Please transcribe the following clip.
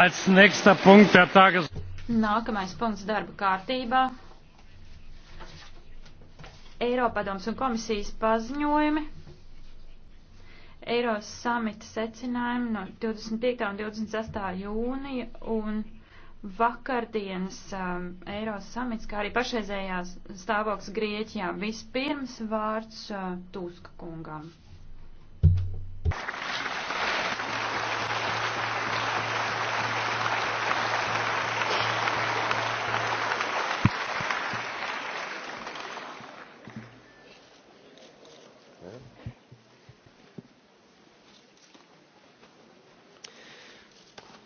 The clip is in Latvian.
Nākamais punkts darba kārtībā. Eiropadoms un komisijas paziņojumi. Eiros samita secinājumi no 25. un 26. jūnija un vakardienas um, Eiros samits, kā arī pašreizējās stāvoklis Grieķijā. Vispirms vārds uh, Tuska kungam.